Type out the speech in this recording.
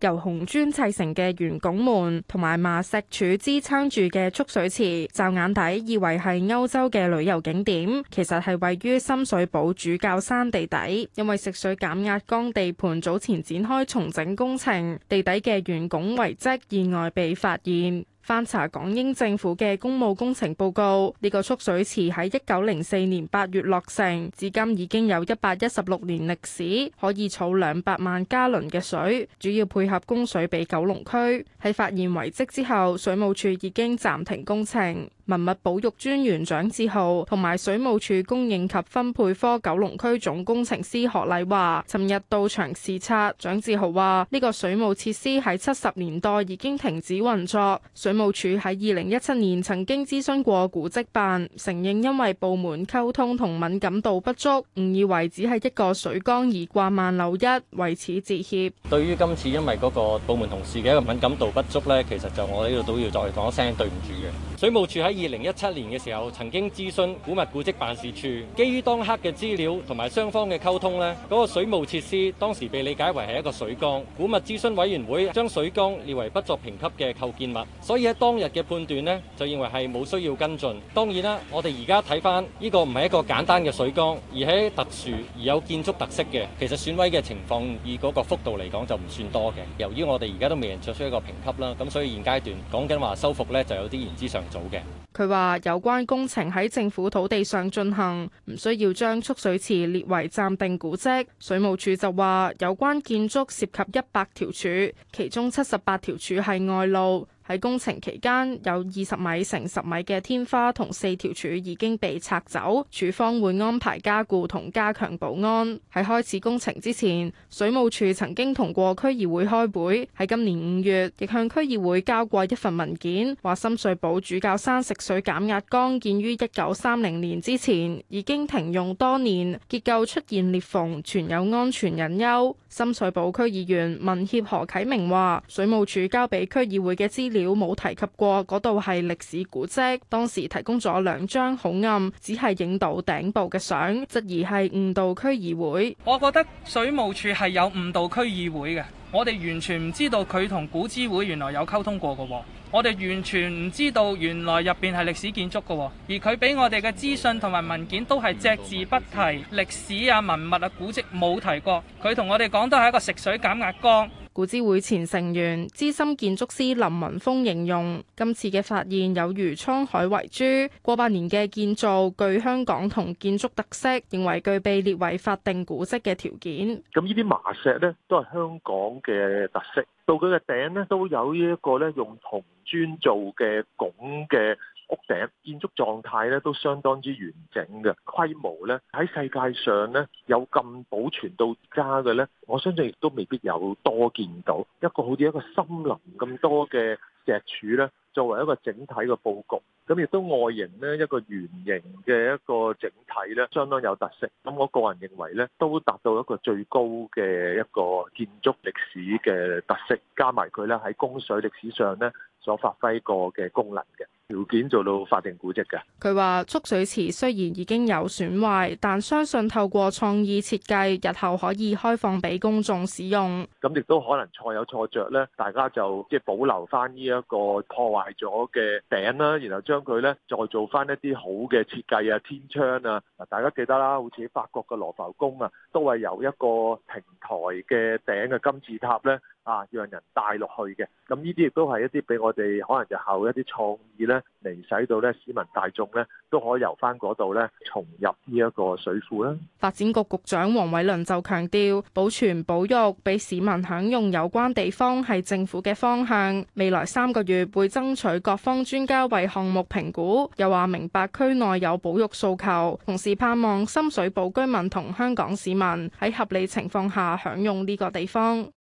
由紅磚砌，砌成嘅圓拱門，同埋麻石柱支撐住嘅蓄水池，驟眼睇以為係歐洲嘅旅遊景點，其實係位於深水埗主教山地底。因為食水減壓缸地盤早前展開重整工程，地底嘅圓拱遺跡意外被發現。翻查港英政府嘅公務工程報告，呢、這個蓄水池喺一九零四年八月落成，至今已經有一百一十六年歷史，可以儲兩百萬加侖嘅水，主要配合供水俾九龍區，喺發現遺跡之後，水務署已經暫停工程。文物保育專員蔣志豪同埋水務署供應及分配科九龍區總工程師何麗華，尋日到場視察。蔣志豪話：呢個水務設施喺七十年代已經停止運作。水務署喺二零一七年曾經諮詢過古蹟辦，承認因為部門溝通同敏感度不足，誤以為只係一個水缸而掛萬漏一，為此致歉。對於今次因為嗰個部門同事嘅一個敏感度不足咧，其實就我呢度都要再講一聲對唔住嘅。水務署喺二零一七年嘅時候，曾經諮詢古物古蹟辦事處，基於當刻嘅資料同埋雙方嘅溝通呢，嗰個水務設施當時被理解為係一個水缸。古物諮詢委員會將水缸列為不作評級嘅構建物，所以喺當日嘅判斷呢就認為係冇需要跟進。當然啦，我哋而家睇翻呢個唔係一個簡單嘅水缸，而喺特殊而有建築特色嘅，其實損毀嘅情況以嗰個幅度嚟講就唔算多嘅。由於我哋而家都未能作出一個評級啦，咁所以現階段講緊話修復呢就有啲言之尚早嘅。佢話：有關工程喺政府土地上進行，唔需要將蓄水池列為暫定古蹟。水務署就話：有關建築涉及一百條柱，其中七十八條柱係外露。喺工程期間，有二十米乘十米嘅天花同四條柱已經被拆走。處方會安排加固同加強保安。喺開始工程之前，水務署曾經同過區議會開會。喺今年五月，亦向區議會交過一份文件，話深水埗主教山食水減壓缸建於一九三零年之前，已經停用多年，結構出現裂縫，存有安全隱憂。深水埗區議員民協何啟明話：水務署交俾區議會嘅資料，冇提及過嗰度係歷史古跡，當時提供咗兩張好暗，只係影到頂部嘅相，質疑係誤導區議會。我覺得水務署係有誤導區議會嘅，我哋完全唔知道佢同古諮會原來有溝通過嘅，我哋完全唔知道原來入邊係歷史建築嘅，而佢俾我哋嘅資訊同埋文件都係隻字不提歷史啊文物啊古跡冇提過，佢同我哋講都係一個食水減壓缸。古諮會前成員、資深建築師林雲峯形容，今次嘅發現有如滄海遺珠，過百年嘅建造具香港同建築特色，認為具備列為法定古跡嘅條件。咁呢啲麻石呢都係香港嘅特色，到佢嘅頂呢都有呢一個咧用銅磚做嘅拱嘅。屋頂建築狀態咧都相當之完整嘅，規模咧喺世界上咧有咁保存到家嘅咧，我相信亦都未必有多見到一個好似一個森林咁多嘅石柱咧，作為一個整體嘅佈局，咁亦都外形咧一個圓形嘅一個整體咧相當有特色。咁我個人認為咧都達到一個最高嘅一個建築歷史嘅特色，加埋佢咧喺供水歷史上咧所發揮過嘅功能嘅。條件做到法定古蹟嘅。佢話蓄水池雖然已經有損壞，但相信透過創意設計，日後可以開放俾公眾使用。咁亦都可能錯有錯着咧，大家就即係保留翻呢一個破壞咗嘅頂啦，然後將佢咧再做翻一啲好嘅設計啊，天窗啊，大家記得啦，好似法國嘅羅浮宮啊，都係由一個平台嘅頂嘅金字塔咧啊，讓人帶落去嘅。咁呢啲亦都係一啲俾我哋可能日後一啲創意咧。嚟使到咧市民大眾咧都可以由翻嗰度咧，重入呢一個水庫啦。發展局局長黃偉綸就強調保，保存保育俾市民享用有關地方係政府嘅方向。未來三個月會爭取各方專家為項目評估，又話明白區內有保育訴求，同時盼望深水埗居民同香港市民喺合理情況下享用呢個地方。